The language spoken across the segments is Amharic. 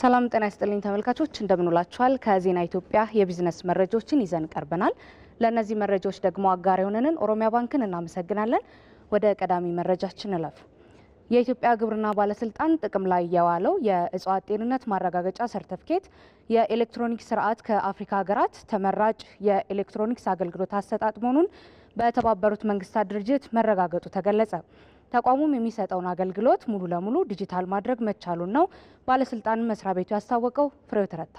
ሰላም ጤና ይስጥልኝ ተመልካቾች፣ እንደምንውላችኋል። ከዜና ኢትዮጵያ የቢዝነስ መረጃዎችን ይዘን ቀርበናል። ለእነዚህ መረጃዎች ደግሞ አጋር የሆነንን ኦሮሚያ ባንክን እናመሰግናለን። ወደ ቀዳሚ መረጃችን እለፍ። የኢትዮጵያ ግብርና ባለስልጣን ጥቅም ላይ የዋለው የእጽዋት ጤንነት ማረጋገጫ ሰርተፍኬት የኤሌክትሮኒክስ ስርዓት ከአፍሪካ ሀገራት ተመራጭ የኤሌክትሮኒክስ አገልግሎት አሰጣጥ መሆኑን በተባበሩት መንግስታት ድርጅት መረጋገጡ ተገለጸ። ተቋሙም የሚሰጠውን አገልግሎት ሙሉ ለሙሉ ዲጂታል ማድረግ መቻሉን ነው ባለስልጣን መስሪያ ቤቱ ያስታወቀው። ፍሬው ተረታ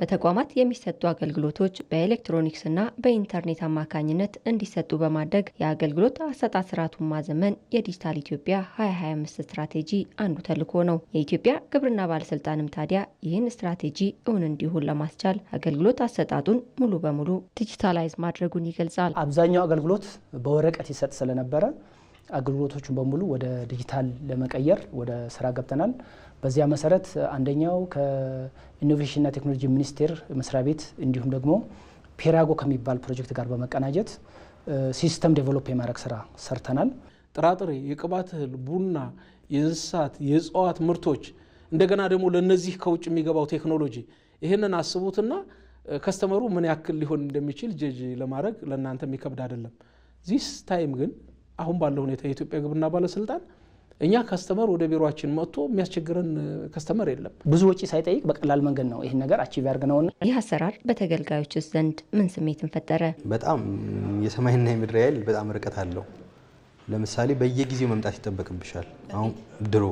በተቋማት የሚሰጡ አገልግሎቶች በኤሌክትሮኒክስና በኢንተርኔት አማካኝነት እንዲሰጡ በማድረግ የአገልግሎት አሰጣጥ ስርዓቱን ማዘመን የዲጂታል ኢትዮጵያ 2025 ስትራቴጂ አንዱ ተልዕኮ ነው። የኢትዮጵያ ግብርና ባለስልጣንም ታዲያ ይህን ስትራቴጂ እውን እንዲሆን ለማስቻል አገልግሎት አሰጣጡን ሙሉ በሙሉ ዲጂታላይዝ ማድረጉን ይገልጻል። አብዛኛው አገልግሎት በወረቀት ይሰጥ ስለነበረ አገልግሎቶችን በሙሉ ወደ ዲጂታል ለመቀየር ወደ ስራ ገብተናል። በዚያ መሰረት አንደኛው ከኢኖቬሽንና ቴክኖሎጂ ሚኒስቴር መስሪያ ቤት እንዲሁም ደግሞ ፔራጎ ከሚባል ፕሮጀክት ጋር በመቀናጀት ሲስተም ዴቨሎፕ የማድረግ ስራ ሰርተናል። ጥራጥሬ፣ የቅባት እህል፣ ቡና፣ የእንስሳት የእጽዋት ምርቶች እንደገና ደግሞ ለነዚህ ከውጭ የሚገባው ቴክኖሎጂ ይህንን አስቡትና ከስተመሩ ምን ያክል ሊሆን እንደሚችል ጀጅ ለማድረግ ለእናንተ የሚከብድ አይደለም። ዚስ ታይም ግን አሁን ባለው ሁኔታ የኢትዮጵያ ግብርና ባለስልጣን እኛ ከስተመር ወደ ቢሮችን መጥቶ የሚያስቸግረን ከስተመር uh, የለም። ብዙ ወጪ ሳይጠይቅ በቀላል መንገድ ነው ይህን ነገር አቺቭ ያርግነውና ይህ አሰራር በተገልጋዮች ውስጥ ዘንድ ምን ስሜትን ፈጠረ? በጣም የሰማይና የምድር ያህል በጣም ርቀት አለው። ለምሳሌ በየጊዜው መምጣት ይጠበቅብሻል። አሁን ድሮ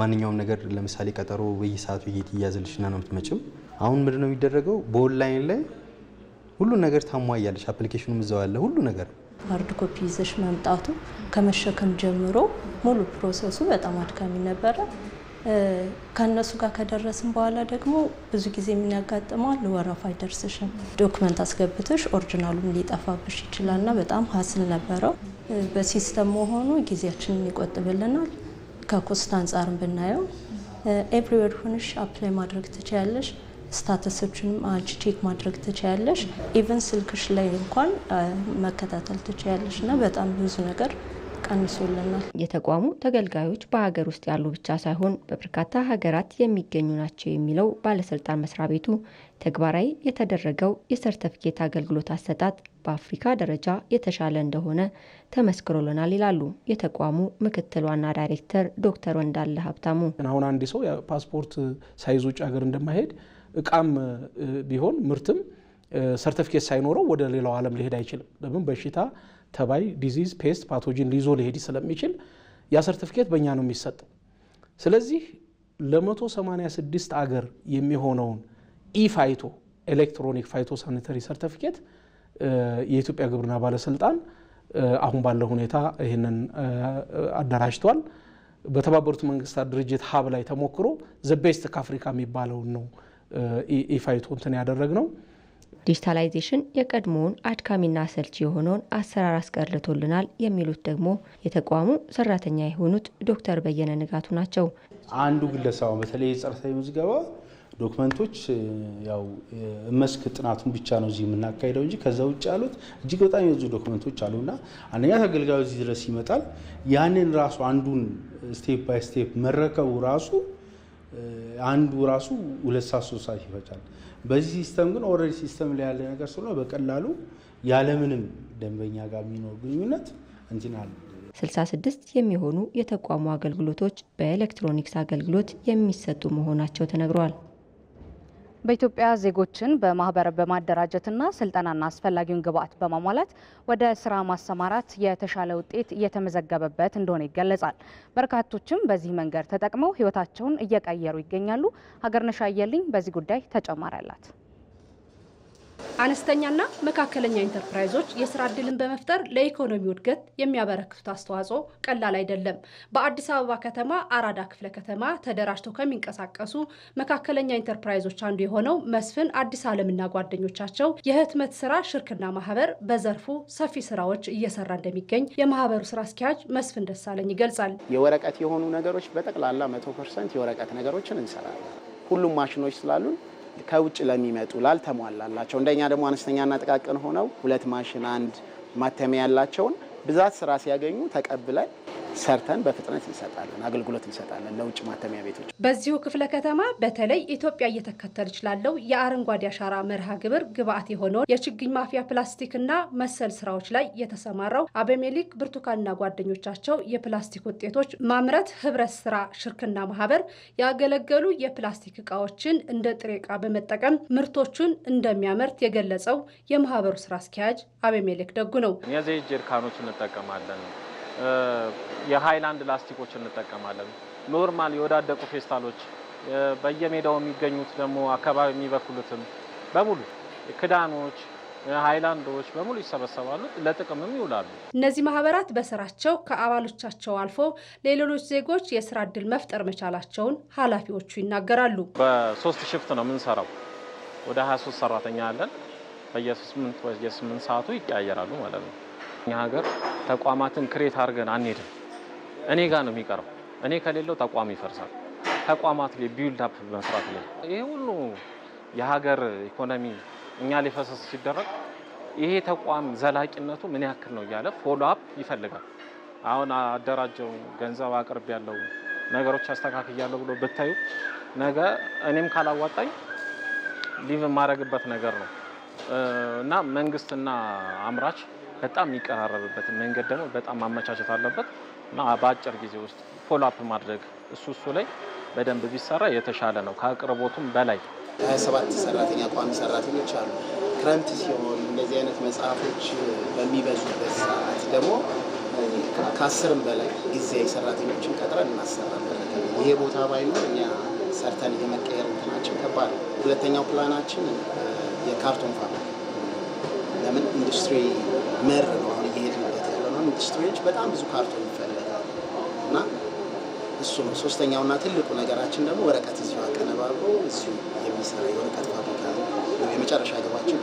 ማንኛውም ነገር ለምሳሌ ቀጠሮ በየሰዓቱ እየትያዝልሽና ነው የምትመጭም። አሁን ምንድን ነው የሚደረገው? በኦንላይን ላይ ሁሉ ነገር ታሟያለች አፕሊኬሽኑም እዛው ያለ ሁሉ ነገር ሃርድ ኮፒ ይዘሽ መምጣቱ ከመሸከም ጀምሮ ሙሉ ፕሮሰሱ በጣም አድካሚ ነበረ። ከእነሱ ጋር ከደረስን በኋላ ደግሞ ብዙ ጊዜ የሚያጋጥመዋል ወረፋ አይደርስሽም። ዶክመንት አስገብተሽ ኦሪጂናሉም ሊጠፋብሽ ይችላል እና በጣም ሀስል ነበረው። በሲስተም መሆኑ ጊዜያችንን ይቆጥብልናል። ከኮስት አንጻርም ብናየው ኤቭሪዌር ሆንሽ አፕላይ ማድረግ ትችያለሽ። ስታተሶችንም አንቺ ቼክ ማድረግ ትችያለሽ። ኢቨን ስልክሽ ላይ እንኳን መከታተል ትችያለሽ እና በጣም ብዙ ነገር ቀንሶልናል። የተቋሙ ተገልጋዮች በሀገር ውስጥ ያሉ ብቻ ሳይሆን በበርካታ ሀገራት የሚገኙ ናቸው የሚለው ባለስልጣን መስሪያ ቤቱ ተግባራዊ የተደረገው የሰርተፍኬት አገልግሎት አሰጣጥ በአፍሪካ ደረጃ የተሻለ እንደሆነ ተመስክሮልናል ይላሉ የተቋሙ ምክትል ዋና ዳይሬክተር ዶክተር ወንዳለ ሀብታሙ። አሁን አንድ ሰው ፓስፖርት ሳይዝ ውጭ ሀገር እንደማይሄድ እቃም ቢሆን ምርትም ሰርተፍኬት ሳይኖረው ወደ ሌላው ዓለም ሊሄድ አይችልም። ለምን? በሽታ፣ ተባይ፣ ዲዚዝ፣ ፔስት፣ ፓቶጂን ሊይዞ ሊሄድ ስለሚችል ያ ሰርተፍኬት በእኛ ነው የሚሰጠው። ስለዚህ ለ186 አገር የሚሆነውን ኢፋይቶ ኤሌክትሮኒክ ፋይቶ ሳኒተሪ ሰርተፍኬት የኢትዮጵያ ግብርና ባለስልጣን አሁን ባለው ሁኔታ ይህንን አደራጅቷል። በተባበሩት መንግስታት ድርጅት ሀብ ላይ ተሞክሮ ዘ ቤስት ከአፍሪካ የሚባለውን ነው ኢፋይቱ እንትን ያደረግ ነው። ዲጂታላይዜሽን የቀድሞውን አድካሚና አሰልቺ የሆነውን አሰራር አስቀርቶልናል የሚሉት ደግሞ የተቋሙ ሰራተኛ የሆኑት ዶክተር በየነ ንጋቱ ናቸው። አንዱ ግለሰብ በተለይ የጸረታዊ ምዝገባ ዶክመንቶች ያው መስክ ጥናቱን ብቻ ነው እዚህ የምናካሄደው እንጂ ከዛ ውጭ ያሉት እጅግ በጣም የዙ ዶክመንቶች አሉና አንደኛ ተገልጋዩ እዚህ ድረስ ይመጣል። ያንን ራሱ አንዱን ስቴፕ ባይ ስቴፕ መረከቡ ራሱ አንዱ ራሱ ሁለት ሰዓት ሶስት ሰዓት ይፈጫል። በዚህ ሲስተም ግን ኦልሬዲ ሲስተም ላይ ያለ ነገር ስለሆነ በቀላሉ ያለምንም ደንበኛ ጋር የሚኖር ግንኙነት እንትን አለ። 66 የሚሆኑ የተቋሙ አገልግሎቶች በኤሌክትሮኒክስ አገልግሎት የሚሰጡ መሆናቸው ተነግረዋል። በኢትዮጵያ ዜጎችን በማህበር በማደራጀትና ስልጠናና አስፈላጊውን ግብዓት በማሟላት ወደ ስራ ማሰማራት የተሻለ ውጤት እየተመዘገበበት እንደሆነ ይገለጻል። በርካቶችም በዚህ መንገድ ተጠቅመው ህይወታቸውን እየቀየሩ ይገኛሉ። ሀገርነሽ አየልኝ በዚህ ጉዳይ ተጨማሪ አላት። አነስተኛና መካከለኛ ኢንተርፕራይዞች የስራ ዕድልን በመፍጠር ለኢኮኖሚው እድገት የሚያበረክቱት አስተዋጽኦ ቀላል አይደለም። በአዲስ አበባ ከተማ አራዳ ክፍለ ከተማ ተደራጅተው ከሚንቀሳቀሱ መካከለኛ ኢንተርፕራይዞች አንዱ የሆነው መስፍን አዲስ ዓለምና ጓደኞቻቸው የህትመት ስራ ሽርክና ማህበር በዘርፉ ሰፊ ስራዎች እየሰራ እንደሚገኝ የማህበሩ ስራ አስኪያጅ መስፍን ደሳለኝ ይገልጻል። የወረቀት የሆኑ ነገሮች በጠቅላላ መቶ ፐርሰንት የወረቀት ነገሮችን እንሰራለን። ሁሉም ማሽኖች ስላሉን ከውጭ ለሚመጡ ላልተሟላላቸው እንደኛ ደግሞ አነስተኛና ጥቃቅን ሆነው ሁለት ማሽን አንድ ማተሚያ ያላቸውን ብዛት ስራ ሲያገኙ ተቀብለን ሰርተን በፍጥነት እንሰጣለን፣ አገልግሎት እንሰጣለን ለውጭ ማተሚያ ቤቶች። በዚሁ ክፍለ ከተማ በተለይ ኢትዮጵያ እየተከተለች ላለው የአረንጓዴ አሻራ መርሃ ግብር ግብአት የሆነውን የችግኝ ማፍያ ፕላስቲክና መሰል ስራዎች ላይ የተሰማራው አበሜሊክ ብርቱካንና ጓደኞቻቸው የፕላስቲክ ውጤቶች ማምረት ህብረት ስራ ሽርክና ማህበር ያገለገሉ የፕላስቲክ እቃዎችን እንደ ጥሬ እቃ በመጠቀም ምርቶቹን እንደሚያመርት የገለጸው የማህበሩ ስራ አስኪያጅ አበሜሊክ ደጉ ነው። እኛ ጀሪካኖች እንጠቀማለን የሃይላንድ ላስቲኮች እንጠቀማለን። ኖርማል የወዳደቁ ፌስታሎች በየሜዳው የሚገኙት ደግሞ አካባቢ የሚበክሉትም በሙሉ ክዳኖች ሃይላንዶች በሙሉ ይሰበሰባሉ፣ ለጥቅምም ይውላሉ። እነዚህ ማህበራት በስራቸው ከአባሎቻቸው አልፎ ለሌሎች ዜጎች የስራ እድል መፍጠር መቻላቸውን ኃላፊዎቹ ይናገራሉ። በሶስት ሽፍት ነው የምንሰራው። ወደ 23 ሰራተኛ አለን። በየስምንት በየስምንት ሰዓቱ ይቀያየራሉ ማለት ነው እኛ ሀገር ተቋማትን ክሬት አድርገን አንሄድም። እኔ ጋር ነው የሚቀረው። እኔ ከሌለው ተቋም ይፈርሳል። ተቋማት ላይ ቢውልድ አፕ መስራት ላይ ይሄ ሁሉ የሀገር ኢኮኖሚ እኛ ላይ ፈሰስ ሲደረግ ይሄ ተቋም ዘላቂነቱ ምን ያክል ነው እያለ ፎሎ አፕ ይፈልጋል። አሁን አደራጀው ገንዘብ አቅርብ ያለው ነገሮች አስተካክ ያለው ብሎ ብታዩ ነገ እኔም ካላዋጣኝ ሊቭ የማደርግበት ነገር ነው እና መንግስትና አምራች በጣም የሚቀራረብበት መንገድ ደግሞ በጣም ማመቻቸት አለበት እና በአጭር ጊዜ ውስጥ አፕ ማድረግ እሱ እሱ ላይ በደንብ ቢሰራ የተሻለ ነው ከአቅርቦቱም በላይ። ሀያ ሰራተኛ ቋሚ ሰራተኞች አሉ። ክረምት ሲሆን እንደዚህ አይነት መጽሐፎች በሚበዙበት ሰዓት ደግሞ ከአስርም በላይ ጊዜያዊ ሰራተኞችን ቀጥረን እናሰራለን። ይሄ ቦታ ባይኖር እኛ ሰርተን የመቀየር እንትናችን ከባድ ሁለተኛው ፕላናችን የካርቶን ፋብሪካ ለምን ኢንዱስትሪ መር ነው አሁን እየሄድንበት ያለ ነው። ኢንዱስትሪዎች በጣም ብዙ ካርቶን ይፈለጋል እና እሱ ነው ሶስተኛውና ትልቁ ነገራችን። ደግሞ ወረቀት እዚሁ አቀነባብሮ እዚሁ የሚሰራ የወረቀት ፋብሪካ ነው የመጨረሻ ገባችን።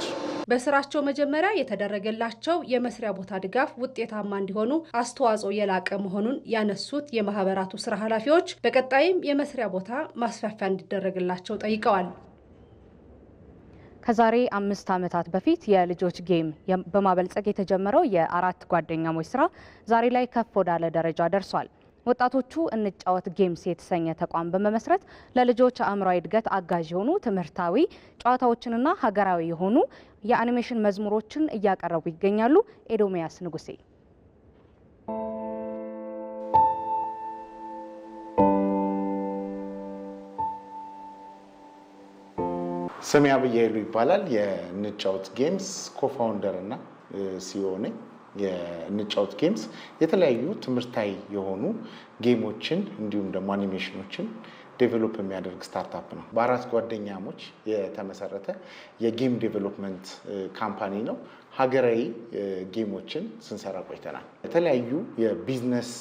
በስራቸው መጀመሪያ የተደረገላቸው የመስሪያ ቦታ ድጋፍ ውጤታማ እንዲሆኑ አስተዋጽኦ የላቀ መሆኑን ያነሱት የማህበራቱ ስራ ኃላፊዎች በቀጣይም የመስሪያ ቦታ ማስፋፊያ እንዲደረግላቸው ጠይቀዋል። ከዛሬ አምስት ዓመታት በፊት የልጆች ጌም በማበልጸግ የተጀመረው የአራት ጓደኛሞች ስራ ዛሬ ላይ ከፍ ወዳለ ደረጃ ደርሷል። ወጣቶቹ እንጫወት ጌምስ የተሰኘ ተቋም በመመስረት ለልጆች አእምሯዊ እድገት አጋዥ የሆኑ ትምህርታዊ ጨዋታዎችንና ሀገራዊ የሆኑ የአኒሜሽን መዝሙሮችን እያቀረቡ ይገኛሉ። ኤዶሚያስ ንጉሴ ስሜ አብይ ይባላል። የንጫውት ጌምስ ኮፋውንደር እና ሲኦ የንጫውት ጌምስ የተለያዩ ትምህርታዊ የሆኑ ጌሞችን እንዲሁም ደግሞ አኒሜሽኖችን ዴቨሎፕ የሚያደርግ ስታርታፕ ነው። በአራት ጓደኛሞች የተመሰረተ የጌም ዴቨሎፕመንት ካምፓኒ ነው። ሀገራዊ ጌሞችን ስንሰራ ቆይተናል። የተለያዩ የቢዝነስ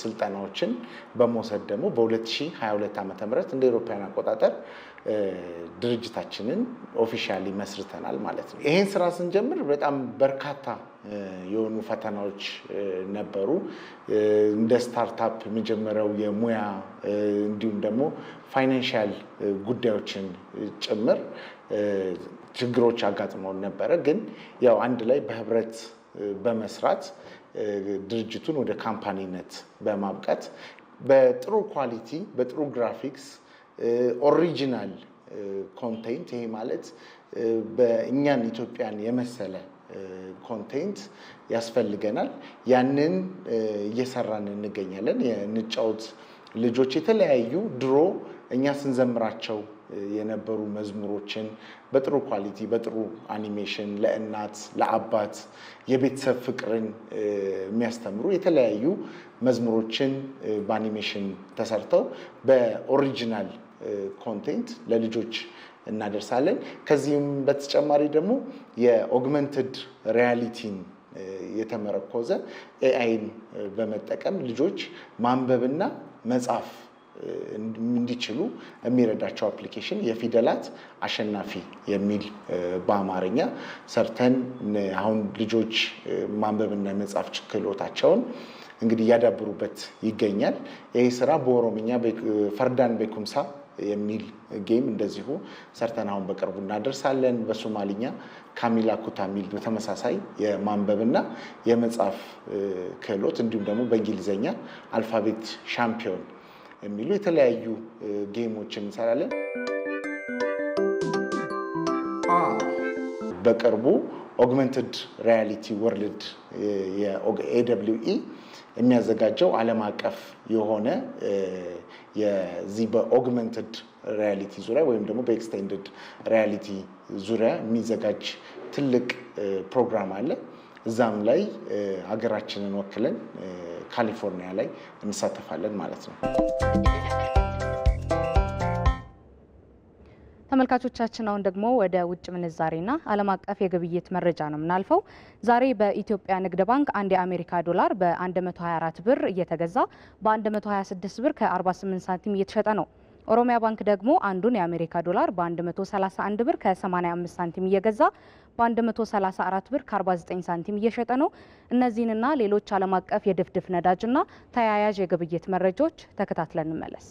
ስልጠናዎችን በመውሰድ ደግሞ በ2022 ዓ ም እንደ ኤሮፓውያን አቆጣጠር ድርጅታችንን ኦፊሻሊ መስርተናል ማለት ነው። ይህን ስራ ስንጀምር በጣም በርካታ የሆኑ ፈተናዎች ነበሩ። እንደ ስታርታፕ የመጀመሪያው የሙያ እንዲሁም ደግሞ ፋይናንሻል ጉዳዮችን ጭምር ችግሮች አጋጥመውን ነበረ። ግን ያው አንድ ላይ በህብረት በመስራት ድርጅቱን ወደ ካምፓኒነት በማብቃት በጥሩ ኳሊቲ በጥሩ ግራፊክስ ኦሪጂናል ኮንቴንት ይሄ ማለት በእኛን ኢትዮጵያን የመሰለ ኮንቴንት ያስፈልገናል። ያንን እየሰራን እንገኛለን። የንጫውት ልጆች የተለያዩ ድሮ እኛ ስንዘምራቸው የነበሩ መዝሙሮችን በጥሩ ኳሊቲ በጥሩ አኒሜሽን ለእናት ለአባት የቤተሰብ ፍቅርን የሚያስተምሩ የተለያዩ መዝሙሮችን በአኒሜሽን ተሰርተው በኦሪጂናል ኮንቴንት ለልጆች እናደርሳለን። ከዚህም በተጨማሪ ደግሞ የኦግመንትድ ሪያሊቲን የተመረኮዘ ኤአይን በመጠቀም ልጆች ማንበብና መጻፍ እንዲችሉ የሚረዳቸው አፕሊኬሽን የፊደላት አሸናፊ የሚል በአማርኛ ሰርተን አሁን ልጆች ማንበብና የመጻፍ ችሎታቸውን እንግዲህ እያዳብሩበት ይገኛል። ይህ ስራ በኦሮምኛ ፈርዳን ቤኩምሳ የሚል ጌም እንደዚሁ ሰርተን አሁን በቅርቡ እናደርሳለን። በሶማሊኛ ካሚላ ኩታ ሚል በተመሳሳይ የማንበብና የመጻፍ ክህሎት እንዲሁም ደግሞ በእንግሊዝኛ አልፋቤት ሻምፒዮን የሚሉ የተለያዩ ጌሞችን እንሰራለን። በቅርቡ ኦግመንትድ ሪያሊቲ ወርልድ ኤደብሊውኢ የሚያዘጋጀው ዓለም አቀፍ የሆነ የዚህ በኦግመንትድ ሪያሊቲ ዙሪያ ወይም ደግሞ በኤክስቴንድድ ሪያሊቲ ዙሪያ የሚዘጋጅ ትልቅ ፕሮግራም አለ። እዛም ላይ ሀገራችንን ወክለን ካሊፎርኒያ ላይ እንሳተፋለን ማለት ነው። ተመልካቾቻችን አሁን ደግሞ ወደ ውጭ ምንዛሬና ዓለም አቀፍ የግብይት መረጃ ነው የምናልፈው። ዛሬ በኢትዮጵያ ንግድ ባንክ አንድ የአሜሪካ ዶላር በ124 ብር እየተገዛ በ126 ብር ከ48 ሳንቲም እየተሸጠ ነው። ኦሮሚያ ባንክ ደግሞ አንዱን የአሜሪካ ዶላር በ131 ብር ከ85 ሳንቲም እየገዛ በ134 ብር ከ49 ሳንቲም እየሸጠ ነው። እነዚህንና ሌሎች ዓለም አቀፍ የድፍድፍ ነዳጅና ተያያዥ የግብይት መረጃዎች ተከታትለን እንመለስ።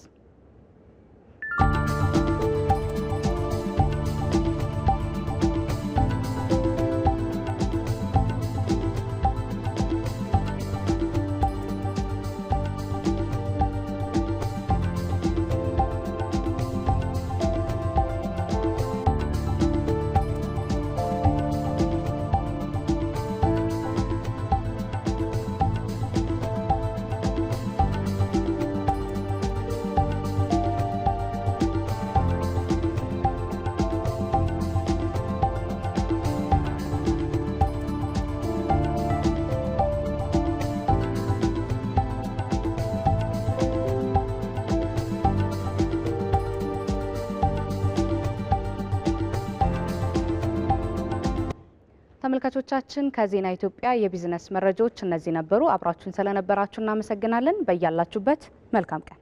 ተመልካቾቻችን ከዜና ኢትዮጵያ የቢዝነስ መረጃዎች እነዚህ ነበሩ። አብራችሁን ስለነበራችሁ እናመሰግናለን። በያላችሁበት መልካም ቀን